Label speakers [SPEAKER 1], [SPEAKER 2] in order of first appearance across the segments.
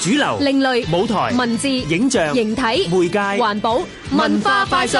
[SPEAKER 1] 主流、另類舞台、文字、影像、形體、媒介、環保、文化快訊。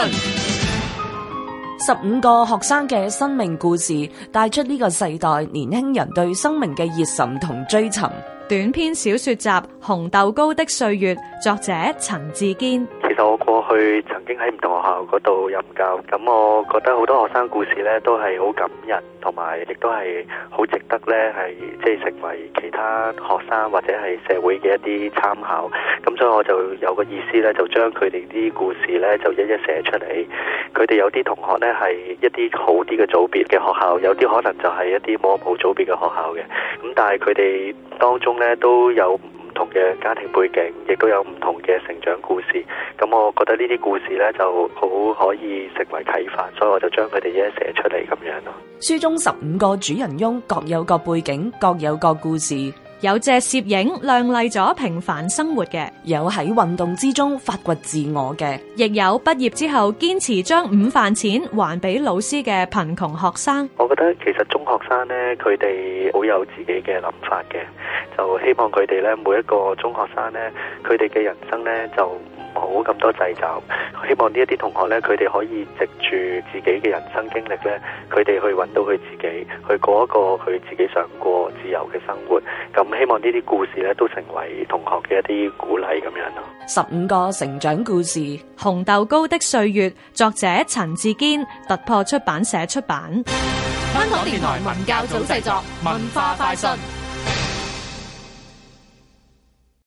[SPEAKER 1] 十五個學生嘅生命故事，帶出呢個世代年輕人對生命嘅熱忱同追尋。短篇小說集《紅豆糕的歲月》，作者陳志堅。
[SPEAKER 2] 其實我過去曾經喺唔同學校嗰度任教，咁我覺得好多學生故事呢都係好感人，同埋亦都係好值得呢係即係成為其他學生或者係社會嘅一啲參考。咁所以我就有個意思呢，就將佢哋啲故事呢就一一寫出嚟。佢哋有啲同學呢係一啲好啲嘅組別嘅學校，有啲可能就係一啲冇好組別嘅學校嘅。咁但係佢哋當中呢都有。唔同嘅家庭背景，亦都有唔同嘅成長故事。咁，我覺得呢啲故事咧就好可以成為啟發，所以我就將佢哋一寫出嚟咁樣咯。書中
[SPEAKER 1] 十五個主人翁各有各背景，各有各故事。有借攝影亮麗咗平凡生活嘅，有喺運動之中發掘自我嘅，亦有畢業之後堅持將午飯錢還俾老師嘅貧窮學生。
[SPEAKER 2] 我覺得其實中學生呢，佢哋好有自己嘅諗法嘅，就希望佢哋呢，每一個中學生呢，佢哋嘅人生呢，就。冇咁多掣肘，希望呢一啲同學咧，佢哋可以藉住自己嘅人生經歷咧，佢哋去揾到佢自己，去過一個佢自己想過自由嘅生活。咁、嗯、希望呢啲故事咧，都成為同學嘅一啲鼓勵咁樣咯。
[SPEAKER 1] 十五個成長故事《紅豆糕的歲月》，作者陳志堅，突破出版社出版。香港電台文教組製作，文化
[SPEAKER 2] 快訊。